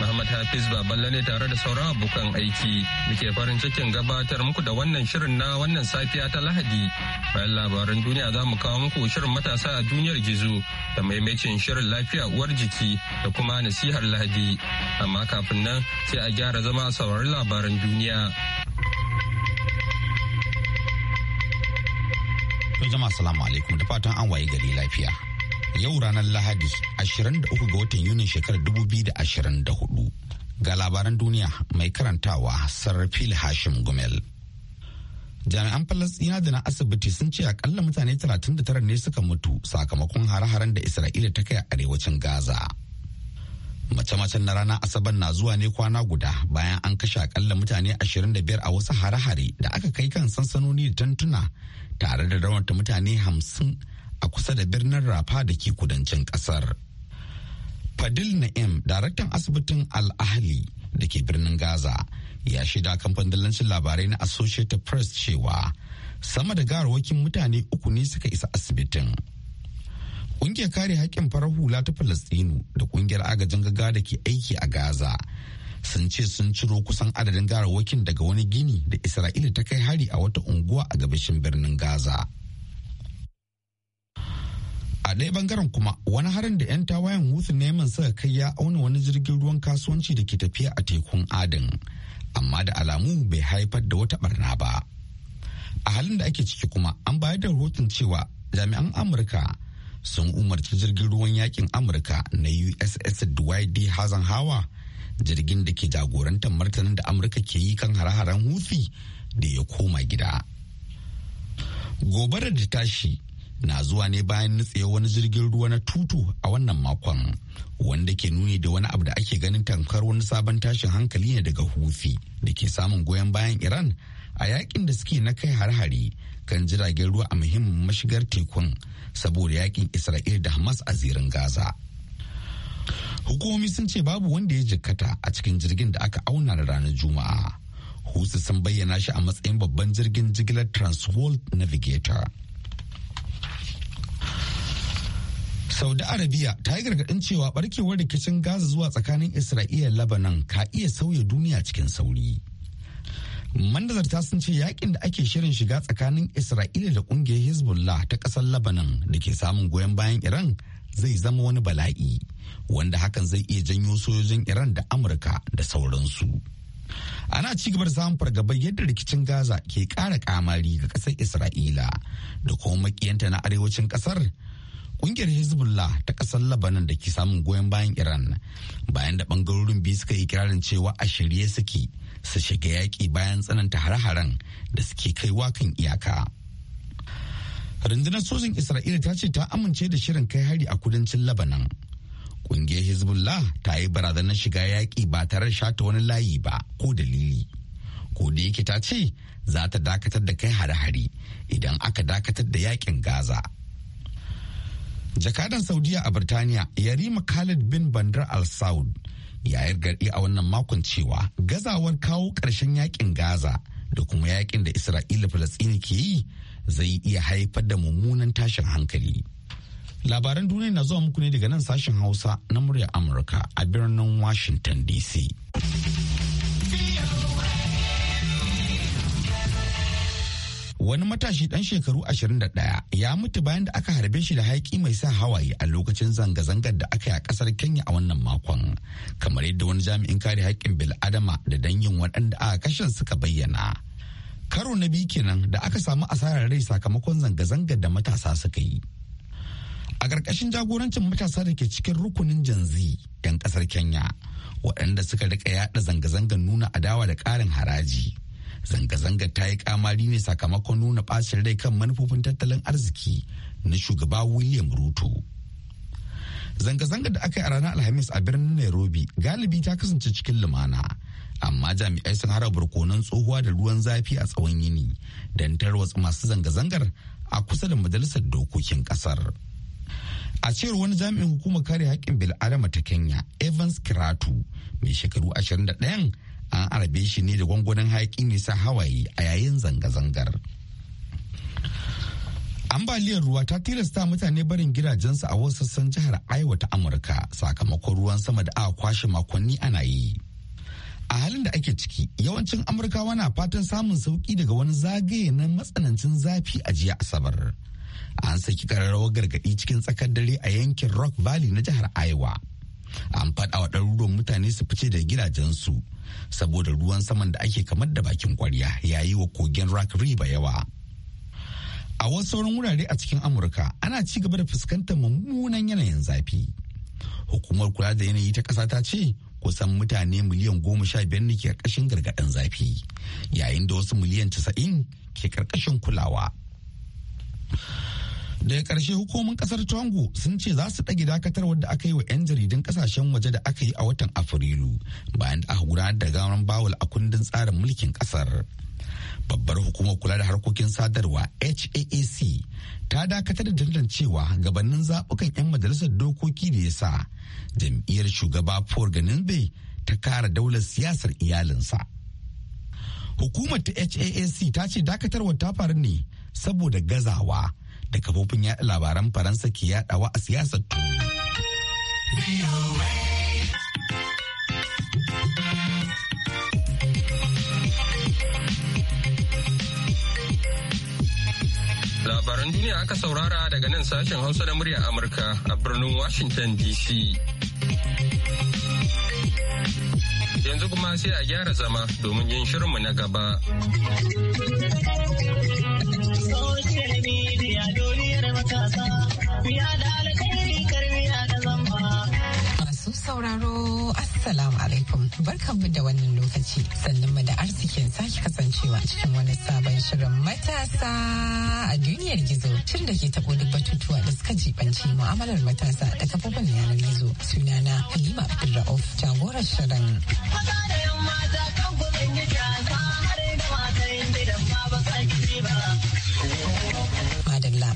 Muhammad Hafiz Baballe ne tare da sauran abokan aiki muke farin cikin gabatar muku da wannan shirin na wannan safiya ta Lahadi. Bayan labaran duniya za mu kawo muku shirin matasa a duniyar gizo da maimacin shirin lafiya uwar jiki da kuma nasihar Lahadi. Amma kafin nan sai a gyara zama a sauraron labaran duniya. Jama'a salamu alaikum da fatan an waye gari lafiya. yau ranar Lahadi 23 ga watan Yunin shekarar 2024. Ga labaran duniya mai karantawa Sarrafil Hashim Gumel. Jami'an Falasɗina da na asibiti sun ce akalla mutane 39 ne suka mutu sakamakon hare-haren da Isra'ila ta kai a arewacin Gaza. Mace-macen na ranar Asabar na zuwa ne kwana guda bayan an kashe akalla mutane 25 a wasu hare-hare da aka kai kan sansanoni da tantuna tare da raunata mutane hamsin. a kusa da birnin rafa da ke kudancin kasar fadil na'im daraktan asibitin al-ahli da ke birnin gaza ya shaida kamfanin dillancin labarai na associated press cewa sama da garawakin mutane uku ne suka isa asibitin Ƙungiyar kare haƙƙin farar hula ta falasɗinu da ƙungiyar agajin gaggawa da ke aiki a Gaza sun ce sun ciro kusan adadin garawakin daga wani gini da Isra'ila ta kai hari a wata unguwa a gabashin birnin Gaza. a ɗaya bangaren kuma wani harin da 'yan tawayen hutu na suka kai ya auna wani jirgin ruwan kasuwanci da ke tafiya a tekun adin amma da alamu bai haifar da wata barna ba a halin da ake ciki kuma an bayar da rahoton cewa jami'an amurka sun umarci jirgin ruwan yakin amurka na uss dwight hazan hawa jirgin da ke jagorantar martanin da amurka ke yi kan hare-haren wuthi da ya koma gida gobarar da tashi na zuwa ne bayan nutsewa wani jirgin ruwa na tutu a wannan makon wanda ke nuni da wani abu da ake ganin tamkar wani sabon tashin hankali ne daga hufi da ke samun goyon bayan iran a yakin da suke na kai har-hari kan jiragen ruwa a muhimmin mashigar tekun saboda yakin isra'il da hamas a zirin gaza hukumomi sun ce babu wanda ya jikkata a cikin jirgin da aka auna da ranar juma'a husi sun bayyana shi a matsayin babban jirgin jigilar transworld navigator Saudi Arabia ta yi gargaɗin cewa barkewar rikicin Gaza zuwa tsakanin Isra'ila Lebanon ka iya sauya duniya cikin sauri. Mandazarta sun ce yakin da ake shirin shiga tsakanin Isra'ila da ƙungiyar Hezbollah ta ƙasar Lebanon da ke samun goyon bayan Iran zai zama wani bala'i wanda hakan zai iya janyo sojojin Iran da Amurka da sauransu. ana ci gaba da samun fargabar yadda rikicin gaza ke ƙara kamari ga ƙasar isra'ila da kuma makiyanta na arewacin ƙasar Kungiyar Hezbollah ta ƙasar Labanan da ke samun goyon bayan Iran bayan da ɓangarorin biyu suka yi kirarin cewa a shirye suke su shiga yaƙi bayan tsananta har haren da suke kaiwa kan iyaka. Rundunar sojin Isra'ila ta ce ta amince da shirin kai hari a kudancin Labanan. Kungiyar Hezbollah ta yi barazanar shiga yaƙi ba tare da shata wani layi ba ko dalili. Ko da yake ta ce za ta dakatar da kai hare-hare idan aka dakatar da yaƙin Gaza. jakadan saudiya a birtaniya yarima khalid bin bandar al saud ya gargaɗi a wannan makon cewa gazawar kawo ƙarshen yakin gaza da kuma yakin da isra'ila falasini ke yi zai iya haifar da mummunan tashin hankali labaran duniya na zuwa muku ne daga nan sashen hausa na murya amurka a birnin washington dc wani matashi dan shekaru 21 ya mutu bayan da aka harbe shi da haiki mai sa hawaye a lokacin zanga-zangar da aka yi a kasar kenya a wannan makon kamar yadda wani jami'in kare haƙƙin bil'adama da danyin waɗanda aka kashe suka bayyana karo na biyu kenan da aka samu asarar rai sakamakon zanga-zangar da matasa suka yi a ƙarƙashin jagorancin matasa da ke cikin rukunin janzi 'yan ƙasar kenya waɗanda suka rika yaɗa zanga-zangar nuna adawa da ƙarin haraji zanga-zangar ta yi kamari ne sakamakon nuna bacin rai kan manufofin tattalin arziki na shugaba william ruto zanga-zangar da aka yi a ranar alhamis a birnin nairobi galibi ta kasance cikin lumana amma jami'ai sun hara barkonon tsohuwa da ruwan zafi a tsawon yini don tarwatsa masu zanga-zangar a kusa da majalisar dokokin kasar a cewar wani jami'in hukumar kare haƙƙin bil'adama ta kenya evans kiratu mai shekaru 21 an arabe shi ne da gwangwanin hayakin nisa hawaye a yayin zanga-zangar ambaliyar ruwa ta tilasta mutane barin gidajensu a wasu sassan jihar aiwa ta amurka sakamakon ruwan sama da aka kwashe makonni ana yi a halin da ake ciki yawancin amurkawa na fatan samun sauki daga wani zagaye na matsanancin zafi a jiya asabar an saki kararrawar gargadi cikin tsakar dare a yankin rock valley na jihar iowa an faɗa wa ɗaruruwan mutane su fice da gidajensu saboda ruwan saman da ake kamar da bakin kwarya yi wa kogin rock riba yawa a wasu sauran wurare a cikin amurka ana ci gaba da fuskantar mummunan yanayin zafi hukumar kula da yanayi ta ƙasa ta ce kusan mutane miliyan goma sha biyar ne ke ƙarƙashin gargaɗin zafi yayin da wasu miliyan casa'in ke ƙarƙashin kulawa daga ƙarshe hukumomin ƙasar Tongo sun ce za su ɗage dakatar wadda aka yi wa 'yan jaridun kasashen waje da aka yi a watan Afrilu bayan da aka gudanar da gawan bawul a kundin tsarin mulkin ƙasar. Babbar hukumar kula da harkokin sadarwa HAAC ta dakatar da cewa gabanin zaɓukan 'yan majalisar dokoki da ya sa jam'iyyar shugaba for ganin bai ta kara daular siyasar iyalinsa. Hukumar ta HAAC ta ce dakatarwar ta faru ne saboda gazawa da kafofin yaɗa labaran faransa ke yaɗawa a siyasar Labaran duniya aka saurara daga nan sashen Hausa da murya Amurka a birnin Washington DC. Yanzu kuma sai a gyara zama domin yin shirinmu na gaba. Assalamu alaikum barkanmu da wannan lokaci sannan mu da arzikin sake kasancewa cikin wani sabon shirin matasa a duniyar gizo tun da ke tabo duk batutuwa da suka jibanci mu'amalar matasa da kafofin yanar gizo sunana Halima Abdulrauf jagorar shirin. mata kan har da mata yin ba ba ba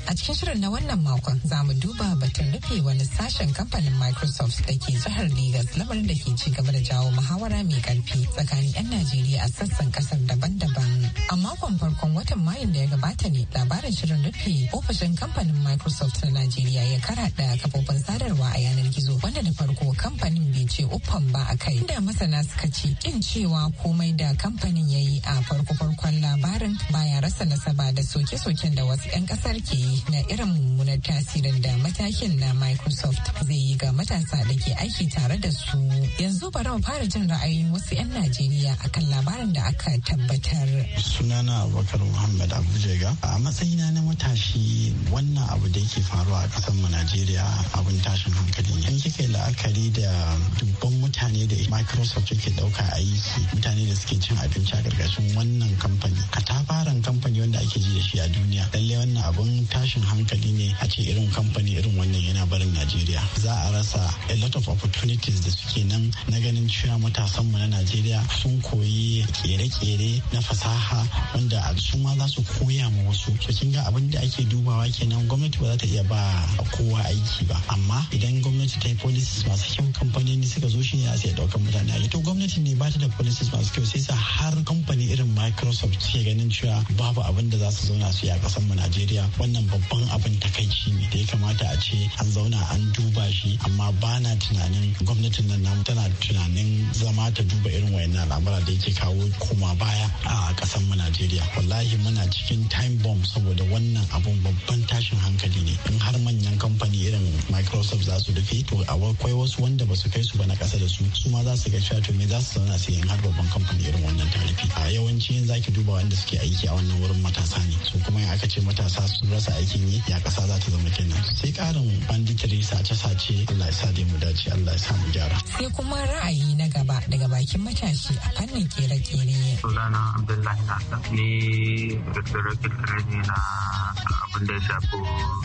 A cikin shirin na wannan makon za mu duba batun rufe wani sashen kamfanin Microsoft da ke jihar Legas lamarin da ke ci gaba da jawo muhawara mai karfi tsakanin 'yan Najeriya a sassan kasar daban-daban. A makon farkon watan Mayun da ya gabata ne labarin shirin rufe ofishin kamfanin Microsoft na Najeriya ya karaɗa kafofin sadarwa a yanar gizo wanda da farko kamfanin bai ce uffan ba a kai. Inda masana suka ce kin cewa komai da kamfanin ya yi a farko-farkon labarin baya rasa nasaba da soke-soken da wasu 'yan ƙasar ke yi na irin mummunar tasirin da matakin na Microsoft zai yi ga matasa da ke aiki tare da su. Yanzu bari mu fara jin ra'ayin wasu 'yan Najeriya akan labarin da aka tabbatar. Sunana Abubakar Muhammad Abujega a matsayina na matashi wannan abu da yake faruwa a ƙasar mu Najeriya abin tashin hankali ne. In kika la'akari da dubban mutane da Microsoft yake ɗauka aiki mutane da suke cin abinci a ƙarƙashin wannan kamfani. Katafaren kamfani wanda ake ji da shi a duniya. Lallai wannan abun tashin tashin hankali ne a ce irin kamfani irin wannan yana barin najeriya za a rasa a lot of opportunities da suke nan na ganin cewa matasan mu na najeriya sun koyi kere-kere na fasaha wanda a su ma za su koya ma wasu to kin ga abin da ake dubawa kenan gwamnati ba za ta iya ba kowa aiki ba amma idan gwamnati ta yi policies masu kyau ne suka zo shi ne a sai daukan mutane aiki to gwamnati ne ba ta da policies masu kyau sai sa har kamfani irin microsoft suke ganin cewa babu abin da za su zauna su yi a kasan mu najeriya wannan babban abin takaici ne da ya kamata a ce an zauna an duba shi amma ba na tunanin gwamnatin nan namu tana tunanin zama ta duba irin wayannan al'amura da yake kawo koma baya a kasan mu Najeriya wallahi muna cikin time bomb saboda wannan abun babban tashin hankali ne in har manyan kamfani irin Microsoft za su rufe to akwai wasu wanda ba su kai su ba na kasa da su su ma za su ga cewa to me za su zauna sai in har babban kamfani irin wannan tarifi a yawanci yin zaki duba wanda suke aiki a wannan wurin matasa ne su kuma aka ce matasa su rasa aiki aikin yi ya kasa za ta zama kenan sai karin banditiri sace-sace Allah ya sa dai mu dace Allah ya sa mu gyara. Sai kuma ra'ayi na gaba daga bakin matashi a fannin kere-kere. Sunana Abdullahi Nasa ne da kere-kere ne na abin da ya shafi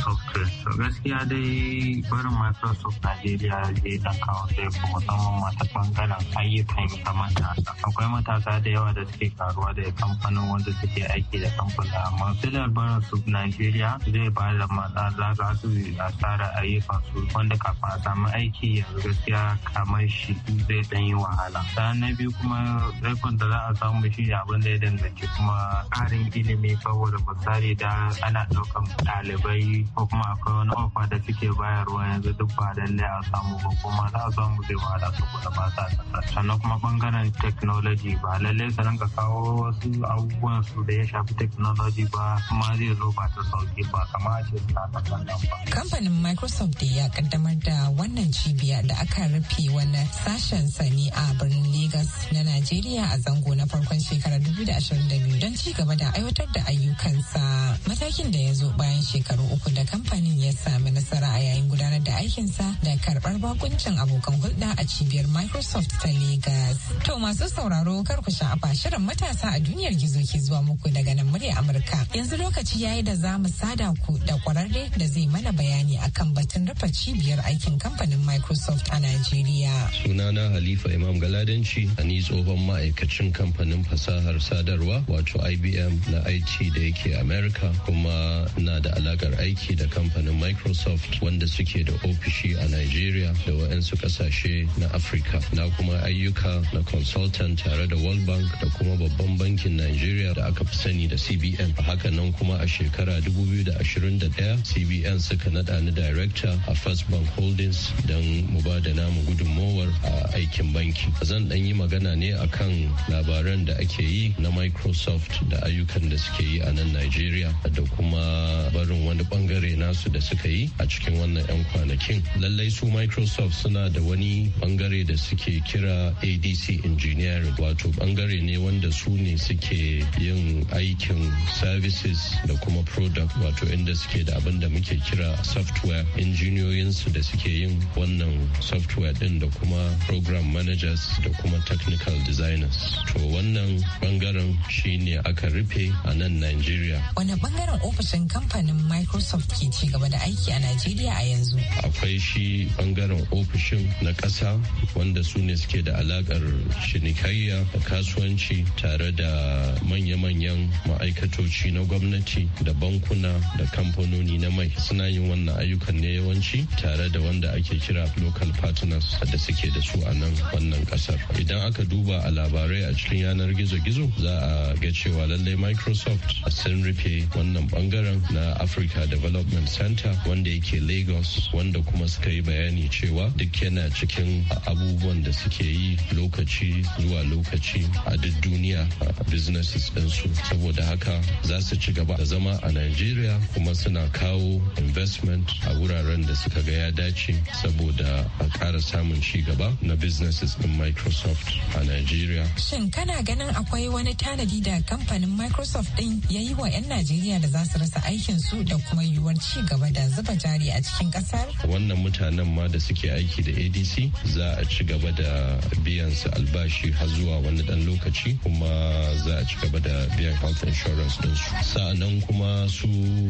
software. To gaskiya dai barin Microsoft Najeriya zai dan kawo sai musamman masu bangaren ayyukan ga matasa. Akwai matasa da yawa da suke karuwa da kamfanin wanda suke aiki da kamfanin amma. Sai barin su Najeriya zai ba da matsala za su asara ayyukan su wanda kafin a samu aiki yanzu gaskiya kamar shi zai dan yi wahala sa'an na biyu kuma rekon da za a samu shi abin da ya danganci kuma karin ilimi saboda misali da ana ɗaukan ɗalibai ko kuma akwai wani ofa da suke bayarwa yanzu duk ba lallai a samu ba kuma za a samu zai wahala su kuma ba sa sannan kuma bangaren technology ba lallai su ka kawo wasu abubuwan su da ya shafi technology ba kuma zai zo ba ta sauki ba Kamfanin Microsoft da ya kaddamar da wannan cibiya da aka rufe wani sashen sani a birnin lagos na Najeriya a zango na farkon shekarar da biyu don ci gaba da aiwatar da ayyukansa. Matakin da ya zo bayan shekaru uku da kamfanin ya sami nasara a yayin gudanar da aikinsa da karbar bakuncin abokan hulɗa a cibiyar Microsoft ta lagos. To masu sauraro kar ku sha'afa shirin matasa a duniyar gizo ke zuwa muku daga nan murya Amurka. Yanzu lokaci ya yi da za mu sada ku da kwararre da zai mana bayani akan batun rufe cibiyar aikin kamfanin Microsoft a Najeriya. Sunana Halifa Imam Galadanci, ni tsohon ma'aikacin kamfanin fasahar sadarwa wato IBM na IT da yake America kuma na da alakar aiki da kamfanin Microsoft wanda suke da ofishi a Najeriya da wa'ansu kasashe na Afrika. Na kuma ayyuka na consultant tare da World Bank da kuma babban bankin Najeriya da aka fi sani da CBN. Hakanan kuma a shekara 2000 2021 cbn suka nada ni director a first bank holdings don mu ba da namu gudunmowar a aikin banki zan dan yi magana ne akan labaran da ake yi na microsoft da ayyukan da suke yi a nan nigeria da kuma barin wani bangare nasu da suka yi a cikin wannan 'yan kwanakin lallai su microsoft suna da wani bangare da suke kira adc engineering wato bangare ne wanda su ne suke yin aikin services da kuma product wato wato inda suke da abin da muke kira software injiniyoyinsu da suke yin wannan software din da kuma program managers da kuma technical designers to wannan bangaren shine aka rufe a nan Nigeria. wani bangaren ofishin kamfanin microsoft ke ci gaba da aiki a Najeriya a yanzu akwai shi bangaren ofishin na ƙasa wanda su ne suke da alakar shinikayya, da kasuwanci tare da manya-manyan ma'aikatoci na gwamnati da bankuna da kamfanoni na mai suna yin wannan ayyukan ne yawanci tare da wanda ake kira local partners da suke da su a nan wannan kasar idan aka duba a labarai a cikin yanar gizo-gizo za a ga cewa lallai microsoft sun rufe wannan bangaren na africa development center wanda yake lagos wanda kuma suka yi bayani cewa duk yana cikin abubuwan da suke yi lokaci zuwa lokaci a duk duniya businesses ɗinsu saboda haka za su ci gaba da zama a nigeria kuma suna kawo investment a wuraren da suka ga ya dace saboda a ƙara samun ci gaba na businesses din Microsoft a Nigeria. Shin kana ganin akwai wani tanadi da kamfanin Microsoft din ya yi wa 'yan Najeriya da za su rasa aikin su da kuma yiwuwar ci gaba da zuba jari a cikin ƙasar? Wannan mutanen ma da suke aiki da ADC za a ci gaba da biyan su albashi har zuwa wani dan lokaci kuma za a ci gaba da biyan health insurance ɗinsu. Sa'annan kuma su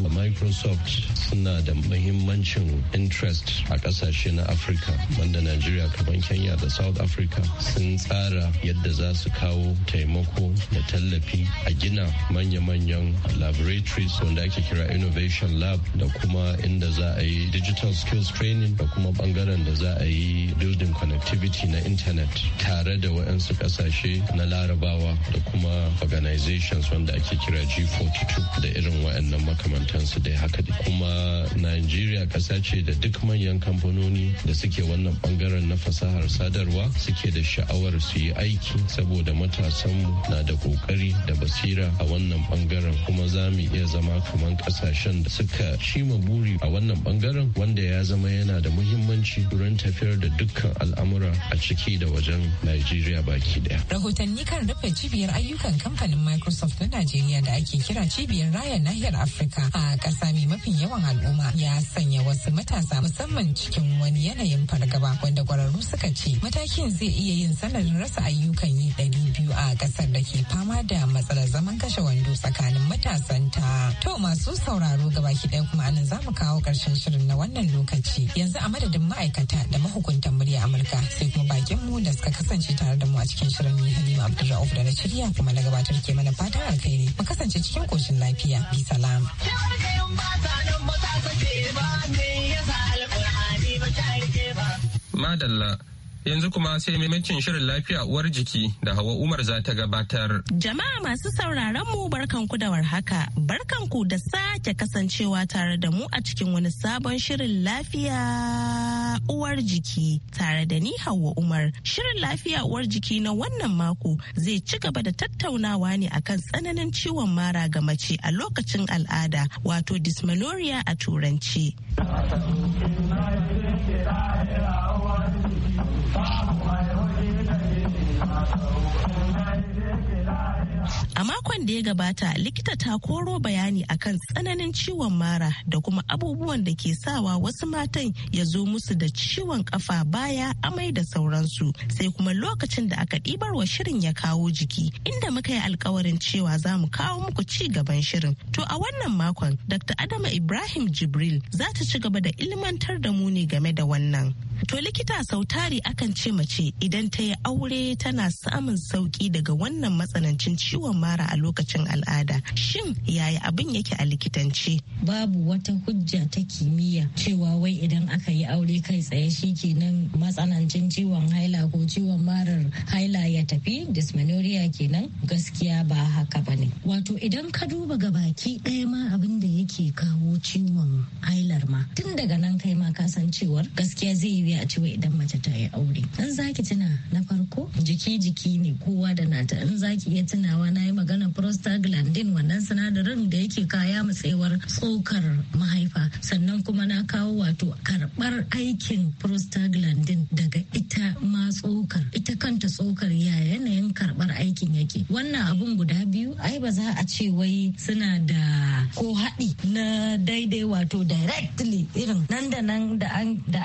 microsoft suna da mahimmancin interest a kasashe na afirka wanda najeriya kamar kenya da south africa sun tsara yadda za su kawo taimako da tallafi a gina manya-manyan laboratories wanda ake kira innovation lab da kuma inda za a yi digital skills training da kuma bangaren da za a yi building connectivity na internet tare da waɗansu kasashe na larabawa da kuma organizations wanda ake kira g42 da irin waɗannan makamanta makamantansu da haka kuma Najeriya kasa ce da duk manyan kamfanoni da suke wannan bangaren na fasahar sadarwa suke da sha'awar su yi aiki saboda matasanmu na da kokari da basira a wannan bangaren kuma za mu iya zama kamar kasashen da suka shima buri a wannan bangaren wanda ya zama yana da muhimmanci wurin tafiyar da dukkan al'amura a ciki da wajen Najeriya baki daya. Rahotanni kan rufe cibiyar ayyukan kamfanin Microsoft na Najeriya da ake kira cibiyar raya nahiyar Afirka a ƙasa mai mafi yawan al'umma ya sanya wasu matasa musamman cikin wani yanayin fargaba wanda kwararru suka ce matakin zai iya yin sanadin rasa ayyukan yi ɗari biyu a ƙasar da ke fama da matsalar zaman kashe wando tsakanin matasanta. To masu sauraro gaba ki ɗaya kuma anan zamu kawo ƙarshen shirin na wannan lokaci yanzu a madadin ma'aikata da mahukuntan murya Amurka sai kuma bakin mu da suka kasance tare da mu a cikin shirin ni Halima Abdulra'uf da na shirya kuma na gabatar ke mana fatan alkhairi mu kasance cikin koshin lafiya. Bi salam. Madalla Yanzu kuma sai maimacin shirin lafiya uwar jiki da Hawa Umar za ta gabatar. Jama'a masu sauraron mu barkanku da warhaka. Barkanku da sake kasancewa tare da mu a cikin wani sabon shirin lafiya uwar jiki tare da ni Hawa Umar. Shirin lafiya uwar jiki na wannan mako zai ci gaba da tattaunawa ne akan tsananin ciwon mara ga mace a lokacin al'ada wato dysmenorrhea a turanci. 大风爱我骑着你的走。A makon da ya gabata likita ta koro bayani akan tsananin ciwon mara da kuma abubuwan da ke sawa wasu matan ya zo musu da ciwon kafa baya amai da sauransu sai kuma lokacin da aka ɗibar wa shirin ya kawo jiki inda muka yi alkawarin cewa za mu kawo muku ci gaban shirin. To a wannan makon Dr. Adama Ibrahim Jibril za ta ci gaba da ilmantar da mu ne game da wannan. To likita sautari akan ce mace idan ta yi aure tana samun sauki daga wannan matsanancin ciwon ciwon mara a lokacin al'ada shin yaya abin yake a likitance babu wata hujja ta kimiyya cewa wai idan aka yi aure kai tsaye shi shikenan matsanancin ciwon haila ko ciwon marar haila ya tafi dysmenorrhea kenan gaskiya ba haka ba ne. wato idan ka duba ga baki ɗaya ma abin da yake kawo ciwon hailar ma tun daga nan kai ma ka san cewar gaskiya zai yi a cewa idan mace ta yi aure in zaki tuna na farko jiki jiki ne kowa da nata in zaki iya tunawa na yi magana prostaglandin wannan sinadarin da yake kaya matsayiwar tsokar mahaifa sannan kuma na kawo wato karɓar aikin prostaglandin daga ita ma tsokar ita kanta tsokar ya yanayin karɓar aikin yake wannan abun guda biyu ai ba za a ce wai suna da ko haɗi na daidai wato directly irin nan da nan da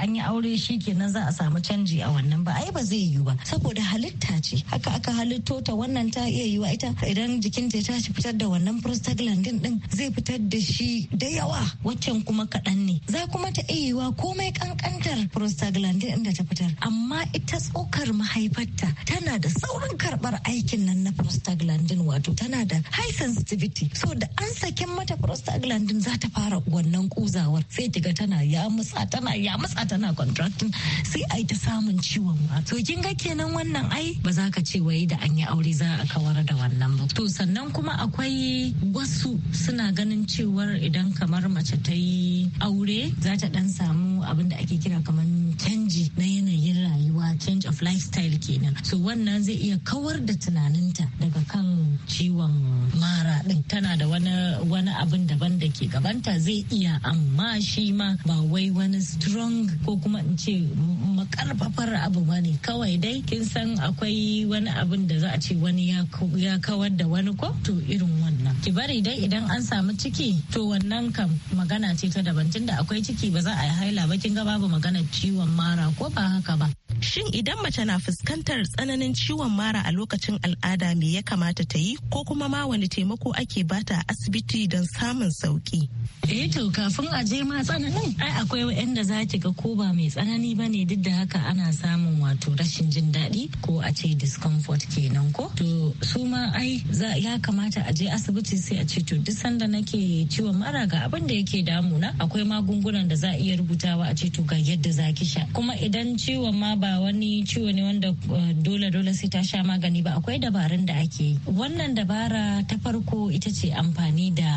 an yi aure shi kenan za a samu canji a wannan ba ai ba zai yiwu ba saboda halitta ce haka aka halitto ta wannan ta iya yiwa ita ita idan jikinta ya tashi fitar da wannan prostaglandin din zai fitar da shi da yawa waccan kuma kaɗan ne za kuma ta iya yiwa komai kankantar prostaglandin inda ta fitar amma ita tsokar mahaifarta tana da saurin karɓar aikin nan na prostaglandin wato tana da high sensitivity so da an sakin mata prostaglandin za ta fara wannan kuzawar sai kiga tana ya musa tana ya musa tana contracting sai ai ta samun ciwon wato kin ga kenan wannan ai ba za ka ce wai da an yi aure za a kawar da wannan wannan ba to sannan kuma akwai wasu suna ganin cewar idan kamar mace ta yi aure za ta dan samu abin da ake kira kamar canji na yanayin rayuwa change of lifestyle kenan so wannan zai iya kawar da tunaninta daga kan ciwon mara din tana da wani wani abin daban da ke gabanta zai iya amma shi ma ba wai wani strong ko kuma in ce makarfafar abu ba ne kawai dai kin san akwai wani abin da za a ce wani ya kawar da wani ko to irin wannan ki bari dai idan an samu ciki to wannan kam magana ce ta daban tunda akwai ciki ba za a yi haila ba kin ga babu magana ciwon yawan mara ko ba haka ba Shin idan mace na fuskantar tsananin ciwon mara a lokacin al'ada me ya kamata ta yi ko kuma ma wani taimako ake bata a asibiti don samun sauki? Eh to kafin a je ma tsananin ai akwai wa'anda za ki ga ko ba mai tsanani ba ne duk da haka ana samun wato rashin jin daɗi ko a ce discomfort kenan ko? To su ma ai ya kamata a je asibiti sai a ce to duk sanda nake ciwon mara ga abin da yake damuna akwai magungunan da za a iya rubutawa a ce to ga yadda za ki sha. Kuma idan ciwon ma ba wani ciwo ne wanda eh, dole dole sai ta sha magani ba akwai dabarun da ake yi wannan dabara ta farko ita ce amfani da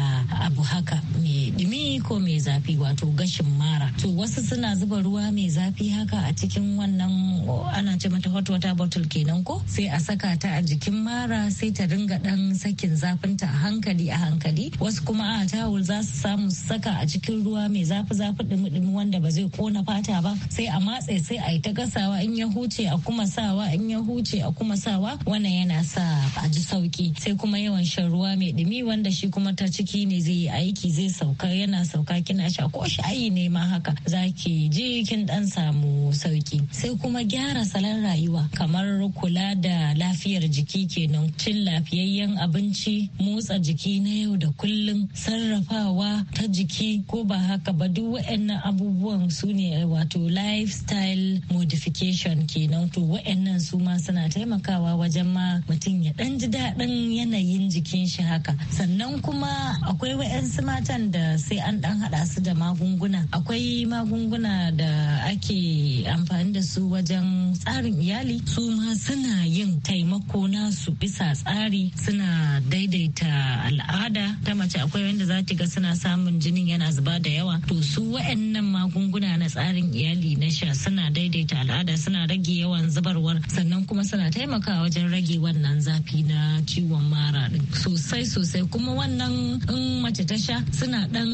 abu haka mai mai ko mai zafi wato gashin mara to wasu suna zuba ruwa mai zafi haka a cikin wannan ana ce mata hot water bottle kenan ko sai a saka ta a jikin mara sai ta ringa dan sakin zafinta a hankali a hankali wasu kuma a tawul za su samu saka a cikin ruwa mai zafi zafi dumi dumi wanda ba zai kona fata ba sai a matse sai a yi ta gasawa in ya huce a kuma sawa in ya huce a kuma sawa wannan yana sa a ji sauki sai kuma yawan shan ruwa mai dumi wanda shi kuma ta ciki ne zai yi aiki zai sauka sauka yana sauka kina sha ko shayi ne ma haka zaki ji kin dan samu sauki sai kuma gyara salon rayuwa kamar kula da lafiyar jiki kenan cin lafiyayyen abinci motsa jiki na yau da kullum sarrafawa ta jiki ko ba haka ba duk waɗannan abubuwan su ne wato lifestyle modification kenan to waɗannan su ma suna taimakawa wajen ma mutum ya dan ji daɗin yanayin jikin shi haka sannan kuma akwai waɗansu matan da sai an dan hada su da magunguna akwai magunguna da ake amfani da su wajen tsarin iyali su ma suna yin taimako nasu bisa tsari suna daidaita al'ada ta mace akwai wanda za ta ga suna samun jinin yana zuba da yawa to su wa'annan magunguna na tsarin iyali na sha suna daidaita al'ada suna rage yawan zubarwar sannan kuma suna taimakawa wajen rage wannan zafi na ciwon mara sosai sosai kuma wannan in mace ta sha suna dan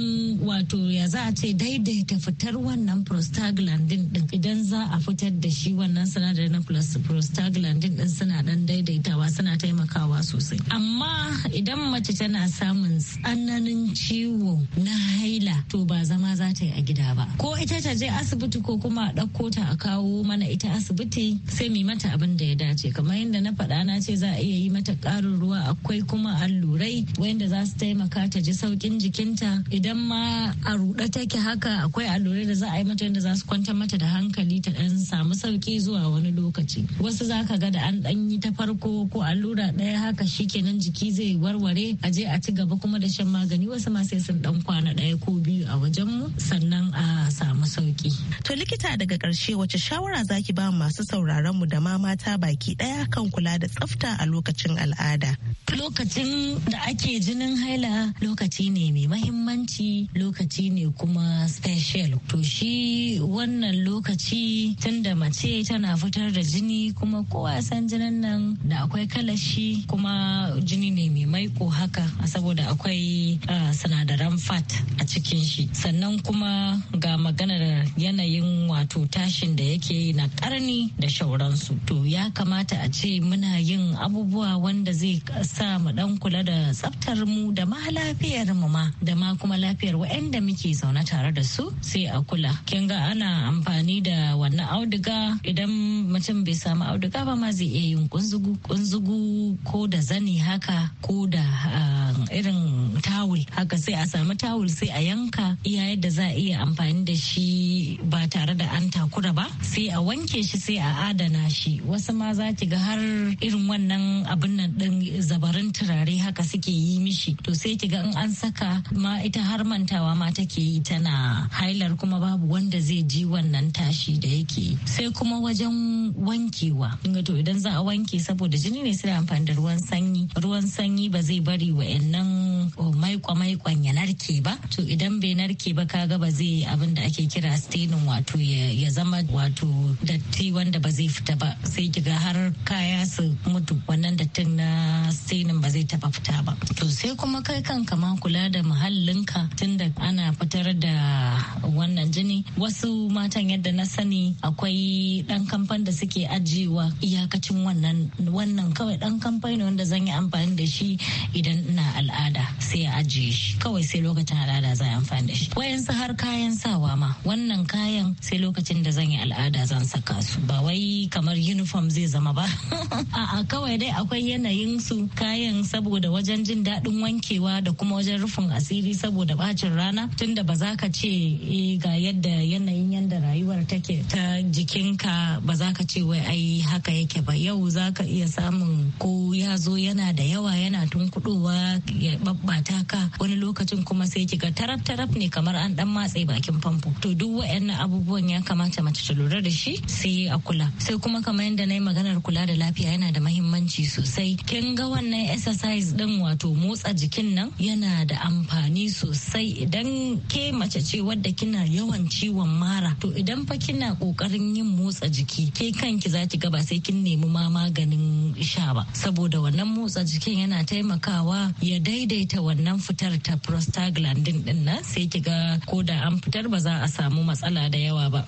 wato ya za a ce daidaita fitar wannan prostaglandin din idan za a fitar da shi wannan sinadari na prostaglandin din suna dan daidaitawa suna taimakawa sosai amma idan mace tana samun tsananin ciwo na haila to ba zama za ta yi a gida ba ko ita ta je asibiti ko kuma a ɗauko ta a kawo mana ita asibiti sai mu mata abin da ya dace kamar yadda na faɗa na ce za a iya yi mata ƙarin ruwa akwai kuma allurai wanda za su taimaka ta ji sauƙin jikinta idan ma a ruɗe take haka akwai allurai da za a yi mata yadda za su kwantar mata da hankali ta dan samu sauki zuwa wani lokaci wasu za ka ga da an dan yi ta farko ko allura ɗaya haka shi shikenan jiki zai warware a je a ci gaba kuma da shan magani wasu ma sai sun dan kwana ɗaya ko biyu a wajen mu sannan a samu sauki to likita daga karshe wace shawara za ki ba masu sauraron mu da ma mata baki ɗaya kan kula da tsafta a lokacin al'ada lokacin da ake jinin haila lokaci ne mai mahimmanci muhimmanci lokaci ne kuma special to shi wannan lokaci tunda mace tana fitar da jini kuma kowa san jinin nan da akwai kalashi kuma jini ne mai maiko haka saboda akwai sinadaran fat a cikin shi sannan kuma ga maganar yanayin wato tashin da yake na karni da shauransu to ya kamata a ce muna yin abubuwa wanda zai sa mu dan kula da tsaftar mu da ma lafiyar mu ma da ma kuma kuma lafiyar waɗanda muke zaune tare da su sai a kula kin ga ana amfani da wannan auduga idan mutum bai samu auduga ba ma zai iya yin kunzugu kunzugu ko da zani haka ko da ah, irin tawul haka sai a samu tawul sai a yanka iya yadda za a iya amfani da shi ba tare da an takura ba sai a wanke shi sai a adana shi wasu ma za ki ga har irin wannan abin nan din zabarin turare haka suke yi mishi to sai ki ga in an saka ma ita har mantawa ma take yi tana hailar kuma babu wanda zai ji wannan tashi da yake sai kuma wajen wankewa to idan za a wanke saboda jini ne sai amfani da ruwan sanyi ruwan sanyi ba zai bari wa nan oh, maikwa-maikwan ya narke ba to idan bai narke ba kaga ba zai abin da ake kira stenin wato ya zama wato datti wanda ba zai fita ba sai kiga har kaya su mutu wannan dattin na stenin ba zai taba fita ba to sai kuma kai kanka ma kula da muhallinka haka tunda ana fitar da wannan jini wasu matan yadda na sani akwai dan kamfan da suke ajiyewa iyakacin wannan wannan kawai dan kamfan wanda zan yi amfani da shi idan ina al'ada sai ya ajiye shi kawai sai lokacin al'ada zan yi amfani da shi wayansu har kayan sawa ma wannan kayan sai lokacin da zan yi al'ada zan saka su ba wai kamar uniform zai zama ba a'a kawai dai akwai yanayin su kayan saboda wajen jin daɗin wankewa da kuma wajen rufin asiri saboda saboda bacin rana tunda ba za ka ce eh, ga yadda yanayin yadda rayuwar take ta jikinka ba za ka ce wai ai haka yake ba yau za ka iya samun ko ya zo yana da yawa yana tunkuɗowa ya babbata ka wani lokacin kuma sai kiga taraf taraf ne kamar an dan matse bakin famfo to duk waɗannan abubuwan ya kamata mace ta lura da shi sai a kula sai kuma kamar yadda na yi maganar kula da lafiya yana da mahimmanci sosai kin ga wannan exercise din wato motsa jikin nan yana da amfani su. sosai idan ke mace ce wadda kina yawan ciwon mara to idan fa kina kokarin yin motsa jiki ke kanki za ki gaba sai kin nemi ma maganin sha ba saboda wannan motsa jikin yana taimakawa ya daidaita wannan fitar ta prostaglandin din nan sai ki ga ko da an fitar ba za a samu matsala da yawa ba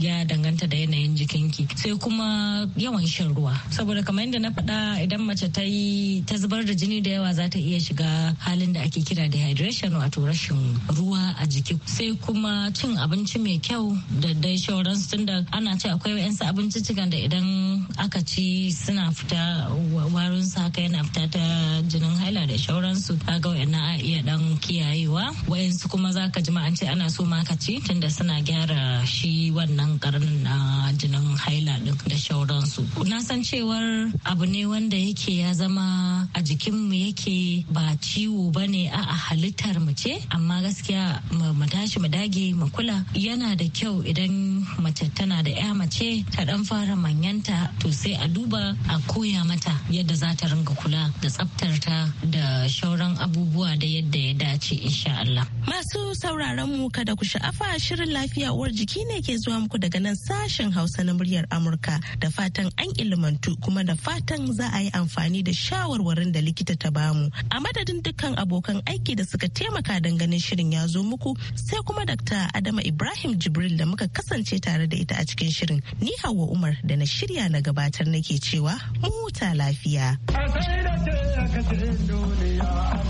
ya danganta da yanayin jikinki sai kuma yawan shan ruwa saboda kamar yadda na faɗa idan mace ta yi ta zubar da jini da yawa za ta iya shiga halin da ake kira dehydration rashin wato rashin ruwa a jiki sai kuma cin abinci mai kyau da dai shauransu tunda ana ce akwai wa'yansu abinciccikan da idan aka ci suna fita warin su haka yana fita ta jinin haila da shauransu kaga wa'yannan a iya dan kiyayewa wa'yansu kuma za ka ji ma an ce ana so ma ka ci tunda suna gyara shi wannan karnin na jinin haila din da shauransu na san cewar abu ne wanda yake ya zama a jikinmu yake ba ciwo bane a halitta bukatar mu ce amma gaskiya mu tashi mu dage mu kula yana da kyau idan mace tana da ya mace ta dan fara manyanta to sai a duba a koya mata yadda za ta ringa kula da tsaftar ta da shauran abubuwa da yadda ya dace insha Allah. Masu sauraron mu kada ku sha'afa shirin lafiya uwar jiki ne ke zuwa muku daga nan sashen Hausa na muryar Amurka da fatan an ilmantu kuma da fatan za a yi amfani da shawarwarin da likita ta bamu. A madadin dukkan abokan aiki da suka taimaka don ganin shirin ya zo muku sai kuma Dr. Adama Ibrahim Jibril da muka kasance tare da ita a cikin shirin. Ni Hauwa Umar da na shirya na gabatar nake cewa mu huta lafiya. Yeah.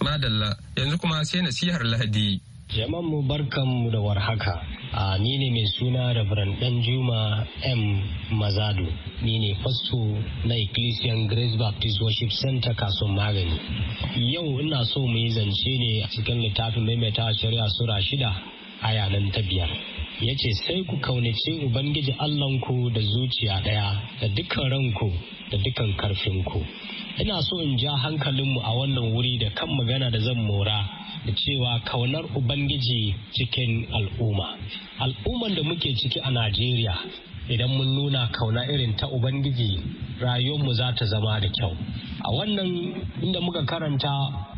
Madalla yanzu kuma sai nasihar Lahadi. Jaman mu barkan mu da warhaka. A ni ne mai suna Reverend Dan Juma M. Mazado. Ni ne fasto na Ecclesian Grace Baptist Worship Center kasuwan magani. Yau ina so mu yi zance ne a cikin littafin maimaita shari'a Sura shida a yanan ta biyar. ya ce sai ku kaunaci ubangiji allahnku da zuciya ɗaya da dukkan ranku da dukkan karfinku ina so in ja hankalinmu a wannan wuri da kan magana da zan mora da cewa kaunar ubangiji cikin al'umma al'umman da muke ciki a najeriya idan mun nuna kauna irin ta ubangiji rayuwarmu za ta zama da kyau a wannan inda muka karanta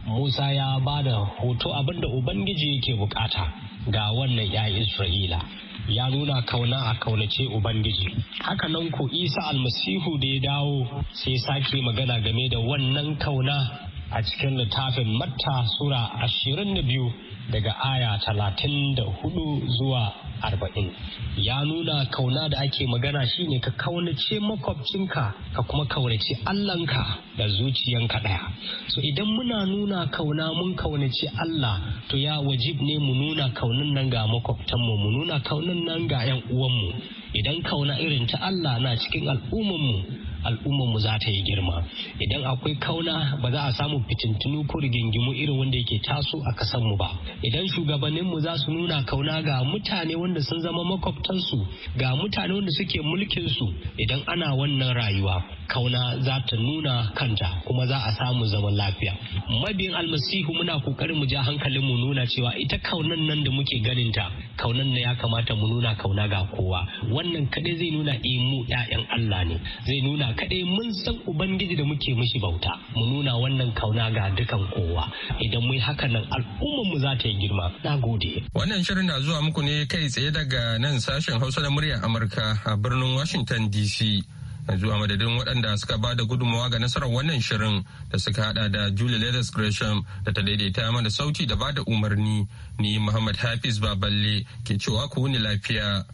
Musa ya ba da hoto abinda Ubangiji yake bukata ga wannan ya Isra'ila. Ya nuna kauna a kaunace Ubangiji. haka nan ko Isa almasihu da ya dawo sai sake magana game da wannan kauna a cikin littafin Matta Sura ashirin da biyu daga aya talatin da hudu zuwa arba'in ya nuna kauna da ake magana shine ka kaunace makwabcinka ka kuma kaunace allanka da zuciyanka ɗaya so idan muna nuna kauna mun kaunace allah to ya wajib ne mu nuna kaunan nan ga makwabtanmu mu nuna kaunan nan ga 'yan uwanmu idan kauna irin ta allah na cikin al'ummanmu al'ummar mu za ta yi girma idan akwai kauna ba za a samu fitintunu ko rigingimu irin wanda yake taso a kasan mu ba idan shugabannin mu za su nuna kauna ga mutane wanda sun zama makwabtansu ga mutane wanda suke mulkin su idan ana wannan rayuwa kauna za ta nuna kanta kuma za a samu zaman lafiya mabiyin almasihu muna kokarin mu ja hankalin mu nuna cewa ita kaunan nan da muke ganin ta kaunan na ya kamata mu nuna kauna ga kowa wannan kadai zai nuna imu eh, 'ya'yan Allah ne zai nuna kaɗai mun san Ubangiji da muke mishi bauta mu nuna wannan kauna ga dukan kowa idan mu yi haka nan al'ummar mu za ta yi girma na gode. Wannan shirin na zuwa muku ne kai tsaye daga nan sashen Hausa na muryar Amurka a birnin Washington DC. zuwa madadin waɗanda suka ba da gudunmawa ga nasarar wannan shirin da suka hada da Julie Leathers Gresham da ta daidaita mana sauti da ba da umarni ni Muhammad Hafiz Baballe ke cewa ku wuni lafiya.